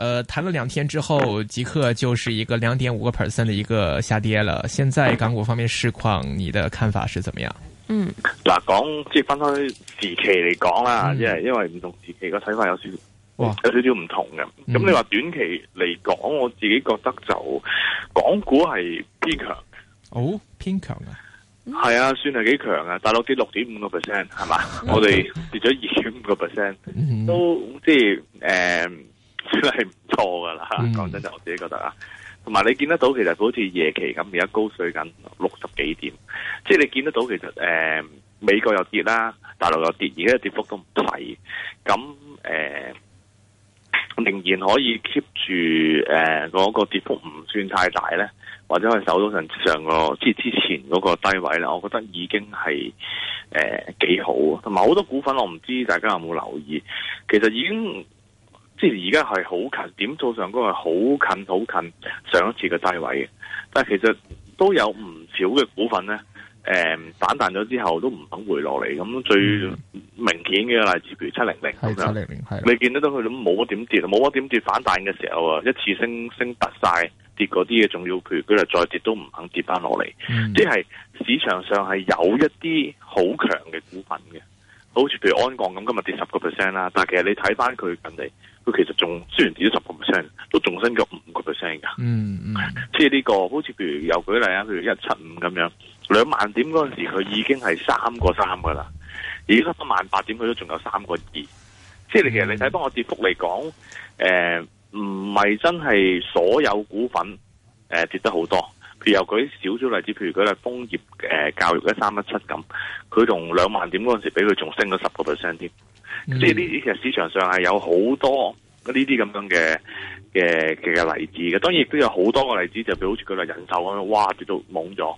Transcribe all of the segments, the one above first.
誒、呃，彈咗兩天之後，即刻就是一個兩點五個 percent 嘅一個下跌啦。現在港股方面市況，你的看法是怎麼樣？嗯，嗱，講即係分開時期嚟講啦，因為因為唔同時期個睇法有少有少少唔同嘅。咁、嗯、你話短期嚟講，我自己覺得就港股係偏強。哦，偏強啊？係啊，算係幾強啊？大陸跌六點五個 percent 係嘛？Okay. 我哋跌咗二點五個 percent，都即係誒。呃真係唔錯噶啦。講真就我自己覺得啊，同埋你見得到其實好似夜期咁，而家高水緊六十幾點，即係你見得到其實誒、呃、美國又跌啦，大陸又跌，而家跌幅都唔大，咁誒、呃、仍然可以 keep 住誒嗰個跌幅唔算太大咧，或者可以守到上個即係之前嗰個低位咧，我覺得已經係誒幾好，同埋好多股份我唔知大家有冇留意，其實已經。即係而家係好近，點做上股係好近好近上一次嘅低位嘅，但係其實都有唔少嘅股份咧，誒、呃、反彈咗之後都唔肯回落嚟，咁最明顯嘅例子譬如七零零咁樣，700, 你見得到佢冇乜點跌，冇乜點跌反彈嘅時候啊，一次升升突晒跌嗰啲嘅仲要譬如佢就再跌都唔肯跌翻落嚟，即係市場上係有一啲好強嘅股份嘅。好似譬如安降咁，今日跌十個 percent 啦，但係其實你睇翻佢近嚟，佢其實仲雖然跌咗十個 percent，都仲升咗五個 percent 噶。嗯嗯，即係呢個好似譬如又舉例啊，譬如一七五咁樣，兩萬點嗰陣時佢已經係三個三噶啦，而家萬八點佢都仲有三個二。即、嗯、係其實你睇翻我跌幅嚟講，誒唔係真係所有股份誒、呃、跌得好多。譬如舉少少例子，譬如佢係工業誒教育一三一七咁，佢同兩萬點嗰陣時比，佢仲升咗十個 percent 添。即係呢啲其實市場上係有好多呢啲咁樣嘅嘅嘅例子嘅。當然亦都有好多個例子，就譬如好似佢嚟人壽咁樣，哇跌到懵咗，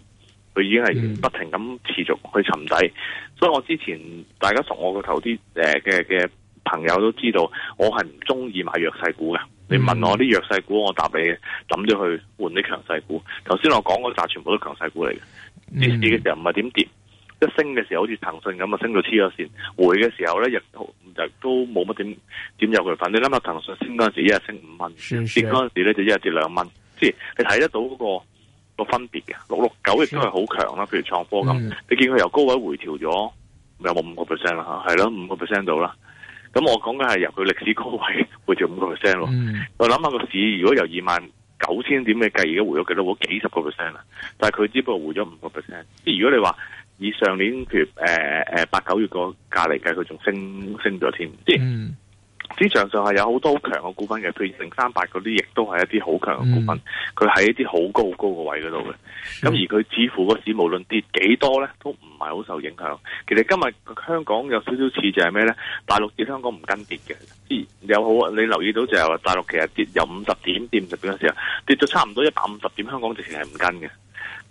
佢已經係不停咁持續去沉底。所以我之前大家熟我個頭啲誒嘅嘅。朋友都知道我係唔中意買弱勢股嘅，嗯。你問我啲弱勢股，我答你抌咗去換啲強勢股。頭先我講嗰扎全部都強勢股嚟嘅。跌市嘅時候唔係點跌，一升嘅時候好似騰訊咁啊，升到黐咗線。回嘅時候咧，亦都冇乜點點有佢份。你諗下騰訊升嗰陣時一，一日升五蚊，跌嗰陣時咧就一日跌兩蚊，即係你睇得到嗰、嗰個嗰個分別嘅。六六九亦都係好強啦，譬如創科咁，你見佢由高位回調咗，有冇五個 percent 啦？嚇，係咯，五個 percent 到啦。咁我講緊係由佢歷史高位回咗五個 percent 咯，我諗下個市如果由二萬九千點嘅計，而家回咗幾多？我幾十個 percent 啦，但係佢只不過回咗五個 percent。即係如果你話以上年譬如誒誒八九月個價嚟計，佢仲升升咗添。即係。嗯市場上係有好多好強嘅股份嘅，譬如成三百嗰啲，亦都係一啲好強嘅股份。佢、嗯、喺一啲好高好高嘅位嗰度嘅。咁而佢似乎個市無論跌幾多咧，都唔係好受影響。其實今日香港有少少似就係咩咧？大陸跌，香港唔跟跌嘅。有好，你留意到就係話大陸其實跌有五十點跌五十點嘅時候，跌到差唔多一百五十點，香港直情係唔跟嘅。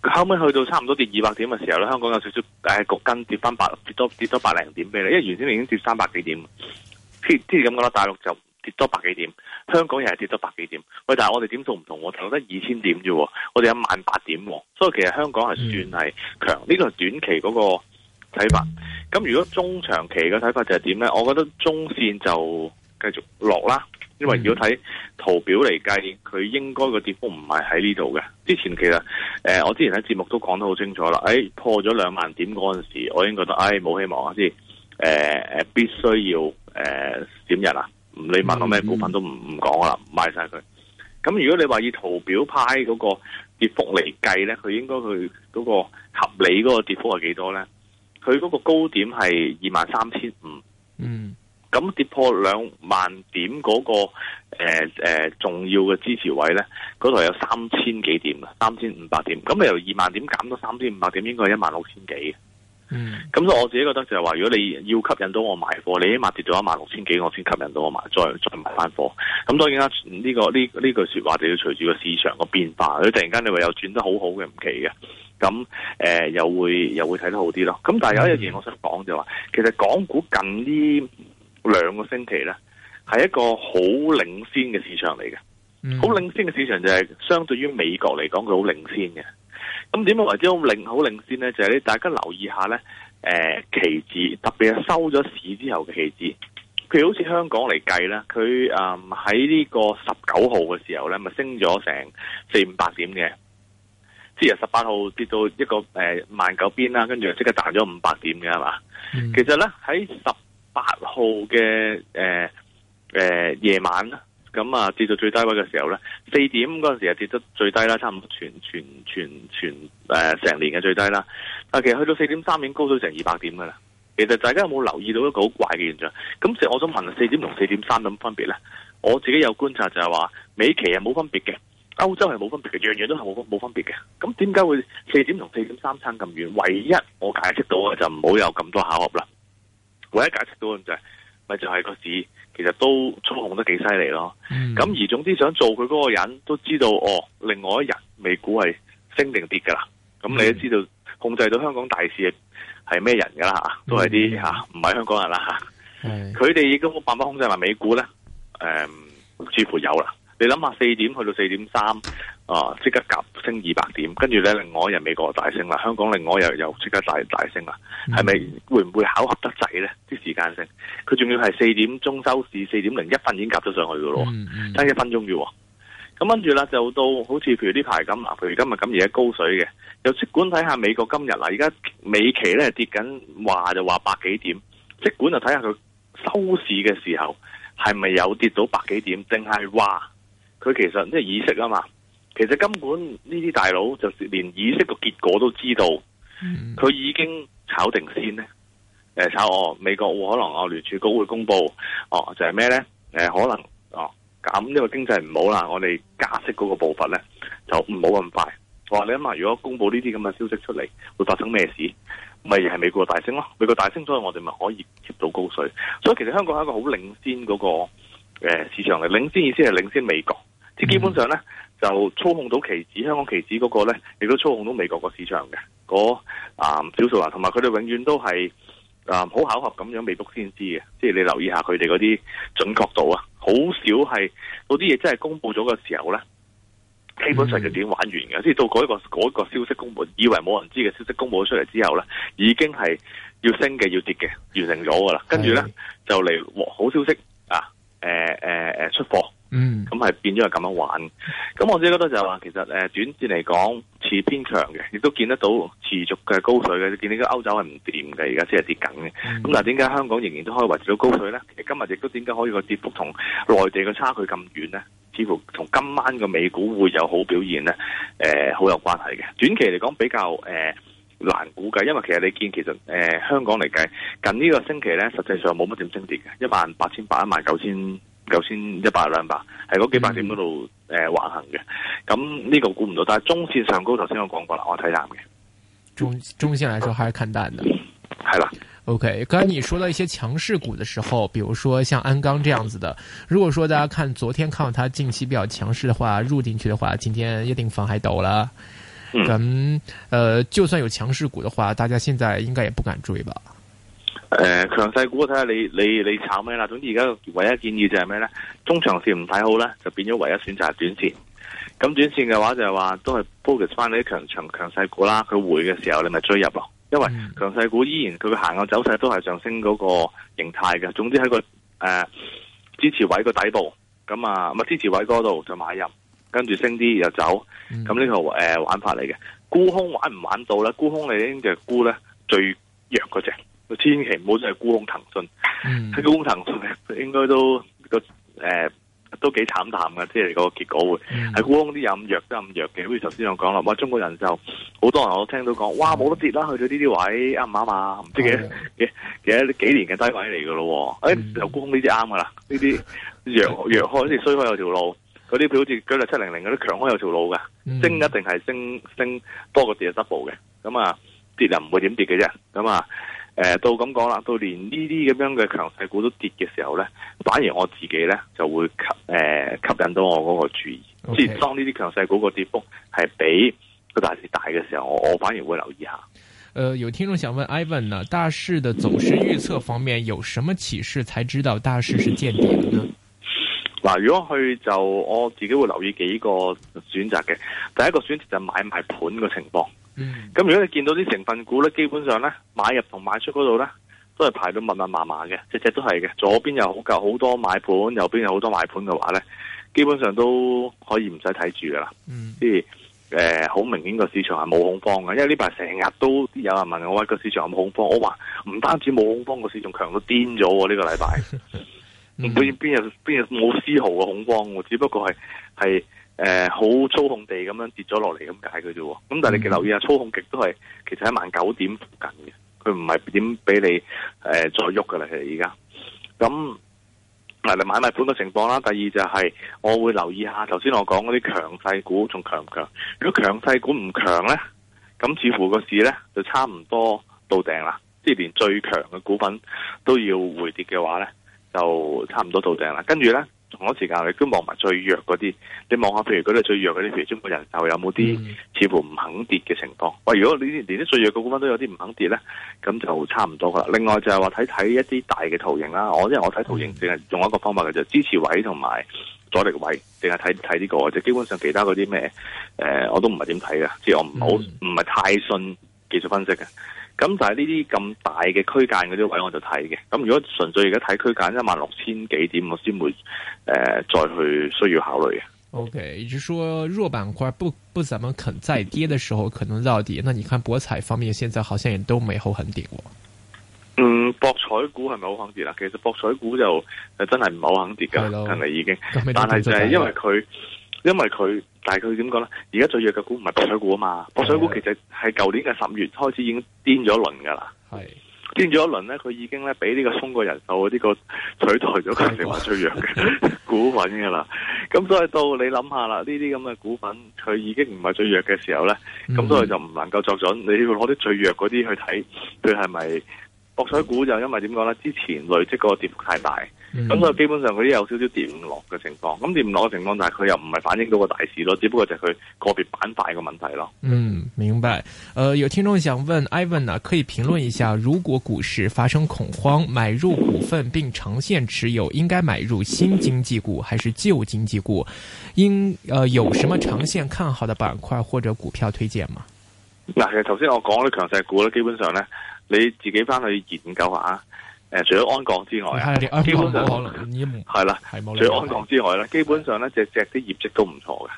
後尾去到差唔多跌二百點嘅時候咧，香港有少少誒、哎、焗跟跌翻百跌多跌多百零點俾你，因為原先已經跌三百幾點。即係咁講啦，大陸就跌多百幾點，香港又係跌多百幾點。喂，但係我哋點數唔同，我跌得二千點啫，我哋有萬八點，所以其實香港係算係強。呢、嗯這個係短期嗰個睇法。咁如果中長期嘅睇法就係點咧？我覺得中線就繼續落啦，因為如果睇圖表嚟計，佢應該個跌幅唔係喺呢度嘅。之前其實誒、呃，我之前喺節目都講得好清楚啦。誒、哎，破咗兩萬點嗰陣時，我已經覺得誒冇、哎、希望啊，先。誒、呃、誒，必須要誒點、呃、日啊！你問我咩股份都唔唔講噶啦，買晒佢。咁如果你話以圖表派嗰個跌幅嚟計咧，佢應該佢嗰個合理嗰個跌幅係幾多咧？佢嗰個高點係二萬三千五，嗯，咁跌破兩萬點嗰、那個誒誒、呃呃、重要嘅支持位咧，嗰度有三千幾點啊？三千五百點，咁由二萬點減到三千五百點，應該係一萬六千幾。咁、嗯、所以我自己覺得就係話，如果你要吸引到我買貨，你起碼跌到一萬六千幾，我先吸引到我買，再再買翻貨。咁當然啦，呢、呢個呢呢句說話就要隨住個市場個變化。你突然間你話又轉得好好嘅唔奇嘅，咁誒、呃、又會又會睇得好啲咯。咁但係有一樣嘢我想講就話、是，其實港股近呢兩個星期咧，係一個好領先嘅市場嚟嘅，好、嗯、領先嘅市場就係相對於美國嚟講，佢好領先嘅。咁點解為之好領好領先咧？就係、是、你大家留意下咧，誒、呃、期指特別係收咗市之後嘅期指，佢好似香港嚟計咧，佢誒喺呢個十九號嘅時候咧，咪升咗成四五百點嘅，即係十八號跌到一個誒、呃、萬九邊啦，跟住即刻彈咗五百點嘅嘛、嗯？其實咧喺十八號嘅誒、呃呃、夜晚啦。咁啊，跌到最低位嘅時候咧，四點嗰陣時啊跌得最低啦，差唔多全全全全誒成、呃、年嘅最低啦。但、啊、其實去到四點三已經高咗成二百點噶啦。其實大家有冇留意到一個好怪嘅現象？咁其實我想問，四點同四點三咁分別咧？我自己有觀察就係話，美期係冇分別嘅，歐洲係冇分別嘅，樣樣都係冇冇分別嘅。咁點解會四點同四點三差咁遠？唯一我解釋到嘅就唔好有咁多巧合啦。唯一解釋到就係、是、咪就係、是、個市？其實都操控得幾犀利咯，咁、mm. 而總之想做佢嗰個人都知道哦，另外一人美股係升定跌噶啦，咁你都知道、mm. 控制到香港大市係咩人噶啦吓，都係啲吓唔係香港人啦吓，佢哋已經冇辦法控制埋美股呢，誒、嗯，似乎有啦，你諗下四點去到四點三。哦、啊，即刻夾升二百點，跟住咧，另外又美國大升啦，香港另外又又即刻大大升啦，係咪會唔會巧合得滯咧？啲時間性佢仲要係四點鐘收市，四點零一分已經夾咗上去噶咯，差、嗯、一、嗯嗯、分鐘嘅喎。咁跟住啦，就到好似譬如呢排咁，譬如今日咁而家高水嘅，又即管睇下美國今日嗱，而家美期咧跌緊，話就話百幾點，即管就睇下佢收市嘅時候係咪有跌到百幾點，定係話佢其實即係意識啊嘛。其實根本呢啲大佬就是連議息個結果都知道，佢、嗯、已經炒定先呢誒，炒我、哦、美國可能我聯儲局會公布哦，就係、是、咩呢？誒、呃，可能哦，咁因為經濟唔好啦，我哋加息嗰個步伐呢，就唔好咁快。我、哦、話你諗下，如果公布呢啲咁嘅消息出嚟，會發生咩事？咪、就、係、是、美國大升咯，美國大升咗，我哋咪可以接到高水。所以其實香港係一個好領先嗰、那個誒、呃、市場嚟，領先意思係領先美國，即基本上呢。嗯就操控到期指，香港期指嗰個呢，亦都操控到美國個市場嘅嗰、那個嗯、啊少數人，同埋佢哋永遠都係啊好巧合咁樣未卜先知嘅，即、就、係、是、你留意下佢哋嗰啲準確度啊，好少係嗰啲嘢真係公布咗嘅時候呢，基本上就點玩完嘅，即、嗯、係到嗰、那、一個嗰一、那個、消息公布，以為冇人知嘅消息公布咗出嚟之後呢，已經係要升嘅要跌嘅完成咗噶啦，跟住呢，就嚟好消息啊，誒、呃呃、出貨。嗯，咁係變咗係咁樣玩，咁我自己覺得就係話，其實誒，短線嚟講持偏強嘅，亦都見得到持續嘅高水嘅。你見呢個歐洲係唔掂嘅，而家先係跌緊嘅。咁、嗯、但係點解香港仍然都可以維持到高水咧？今日亦都點解可以個跌幅同內地嘅差距咁遠咧？似乎同今晚個美股會有好表現咧？誒、呃，好有關係嘅。短期嚟講比較誒、呃、難估計，因為其實你見其實誒、呃、香港嚟計近呢個星期咧，實際上冇乜點升跌嘅，一萬八千八，一萬九千。九千一百兩百，係嗰幾百點嗰度誒橫行嘅。咁呢個估唔到，但係中線上高，頭先我講過啦，我睇淡嘅。中中線來說，還是看淡的。係啦。OK，剛才你說到一些強勢股的時候，比如說像鞍鋼這樣子的，如果說大家看昨天看到它近期比較強勢的話，入進去的話，今天一定放喺度啦。咁、嗯嗯，呃，就算有強勢股的話，大家現在應該也不敢追吧。誒、呃，強勢股睇下你你你，你炒咩啦？總之而家唯一建議就係咩咧？中長線唔睇好咧，就變咗唯一選擇係短線。咁短線嘅話就係話都係 focus 翻你啲強強強勢股啦。佢回嘅時候你咪追入咯，因為強勢股依然佢嘅行嘅走勢都係上升嗰個形態嘅。總之喺個誒、呃、支持位個底部咁啊，咪、呃、支持位嗰度就買入，跟住升啲又走。咁呢、這個誒、呃、玩法嚟嘅，沽空玩唔玩到咧？沽空你已經沽咧最弱嗰隻。千祈唔好再沽空騰訊、嗯，沽空騰訊應該都個誒、呃、都幾慘淡嘅，即係個結果會係、嗯、沽空啲又咁弱，都咁弱嘅。好似頭先我講啦，哇！中國人就好多人，我都聽到講哇，冇得跌啦，去到呢啲位啱唔啱啊？唔知幾、嗯、幾幾，幾年嘅低位嚟㗎咯？誒、嗯，就、欸、沽空呢啲啱㗎啦，呢啲弱弱開，好似衰開有條路；嗰啲譬如好似九六七零零嗰啲強開有條路嘅、嗯，升一定係升升多過跌 double 嘅。咁啊，跌就唔會點跌嘅啫。咁啊～誒、呃，到咁講啦，到連呢啲咁樣嘅強勢股都跌嘅時候咧，反而我自己咧就會吸誒、呃、吸引到我嗰個注意，即、okay、係當呢啲強勢股個跌幅係比個大市大嘅時候，我我反而會留意一下。誒、呃，有聽眾想問 Ivan 呢、啊、大市的走勢預測方面有什麼啟示，才知道大市是見頂呢？嗱、呃，如果去就我自己會留意幾個選擇嘅，第一個選擇就是買賣買盤嘅情況。咁、嗯、如果你見到啲成分股咧，基本上咧買入同賣出嗰度咧，都係排到密密麻麻嘅，只只都係嘅。左邊又好夠好多買盤，右邊有好多賣盤嘅話咧，基本上都可以唔使睇住噶啦。即係誒，好、呃、明顯個市場係冇恐慌嘅，因為呢排成日都有人問我喂，個市場有冇恐慌？我話唔單止冇恐慌，個市場強到癲咗喎。呢個禮拜唔會邊日邊日冇絲毫嘅恐慌喎，只不過係係。誒、呃，好操控地咁樣跌咗落嚟咁解佢啫，咁但係你留意下操控極都係，其實喺萬九點附近嘅，佢唔係點俾你誒、呃、再喐噶啦，其實而家咁嚟買買賣盤嘅情況啦。第二就係、是、我會留意下，頭先我講嗰啲強勢股仲強唔強？如果強勢股唔強呢，咁似乎個市呢就差唔多到頂啦，即係連最強嘅股份都要回跌嘅話呢，就差唔多到頂啦。跟住呢。同一時間，你都望埋最弱嗰啲，你望下，譬如嗰啲最弱嗰啲，譬如中國人壽有冇啲似乎唔肯跌嘅情況？喂，如果你連啲最弱嘅股份都有啲唔肯跌咧，咁就差唔多噶啦。另外就係話睇睇一啲大嘅圖形啦。我因為我睇圖形淨係用一個方法嘅，就支持位同埋阻力位，淨係睇睇呢個。即係基本上其他嗰啲咩誒，我都唔係點睇嘅，即係我唔好唔係太信技術分析嘅。咁但係呢啲咁大嘅區間嗰啲位我就睇嘅，咁如果純粹而家睇區間一萬六千幾點我，我先會誒再去需要考慮嘅。OK，也就是說弱板塊不不怎麼肯再跌嘅時候，可能要跌。那你看博彩方面，現在好像也都沒好肯跌喎。嗯，博彩股係咪好肯跌啦，其實博彩股就,就真係唔係好肯跌噶，近嚟已經，但係就係因為佢。因為佢，大概佢點講咧？而家最弱嘅股唔係博彩股啊嘛，博彩股其實係舊年嘅十月開始已經癲咗一輪噶啦，係癲咗一輪咧，佢已經咧俾呢個中國人壽呢個取代咗佢成為最弱嘅 股份噶啦。咁所以到你諗下啦，呢啲咁嘅股份，佢已經唔係最弱嘅時候咧，咁所以就唔能夠作準。你要攞啲最弱嗰啲去睇，佢係咪博彩股就因為點講咧？之前累積個跌幅太大。咁、嗯、所以基本上佢都有少少跌唔落嘅情況，咁跌唔落嘅情況就係佢又唔係反映到個大市咯，只不過就係佢個別板塊嘅問題咯。嗯，明白。誒、呃，有聽眾想問 Ivan 呢，可以評論一下，如果股市發生恐慌，買入股份並長線持有，應該買入新經濟股還是舊經濟股？應誒、呃，有什麼長線看好的板塊或者股票推薦嗎？嗱，其實頭先我講啲強勢股咧，基本上呢，你自己翻去研究一下。誒，除咗安港之外啊，基本上可能係啦。除咗安港之外咧，基本上咧只只啲業績都唔錯嘅、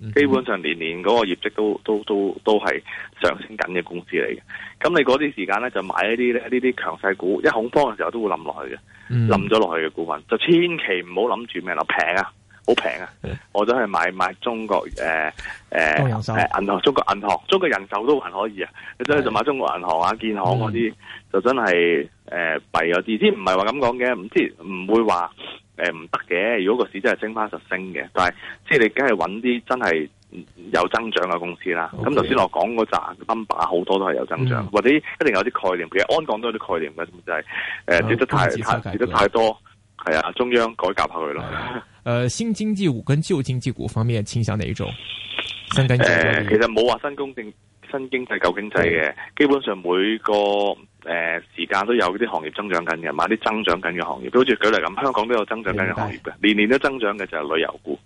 嗯，基本上年年嗰個業績都都都都係上升緊嘅公司嚟嘅。咁你嗰啲時間咧，就買一啲呢啲強勢股，一恐慌嘅時候都會冧落去嘅，冧、嗯、咗落去嘅股份就千祈唔好諗住咩啦平啊！好平啊！我都係買買中國誒誒銀行，中國銀行、中國人壽都還可以啊。你真係就買中國銀行啊、建行嗰啲、嗯，就真係誒弊咗啲。唔係話咁講嘅，唔知唔會話誒唔得嘅。如果個市真係升翻實升嘅，但係即係你梗係揾啲真係有增長嘅公司啦。咁頭先我講嗰扎 number 好多都係有增長、嗯，或者一定有啲概念。其實安港都有啲概念嘅，就係誒跌得太跌得太多。係啊，中央改革下佢咯。誒、嗯呃，新經濟股跟舊經濟股方面傾向哪一種？新跟舊？誒、呃，其實冇話新公政新經濟舊經濟嘅，基本上每個誒、呃、時間都有啲行業增長緊嘅，買啲增長緊嘅行業。好似舉例咁，香港都有增長緊嘅行業嘅，年年都增長嘅就係旅遊股。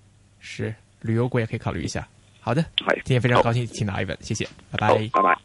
是旅遊股也可以考慮一下。好的，係，今天非常高興請到阿 Ivan，謝謝，拜拜，拜拜。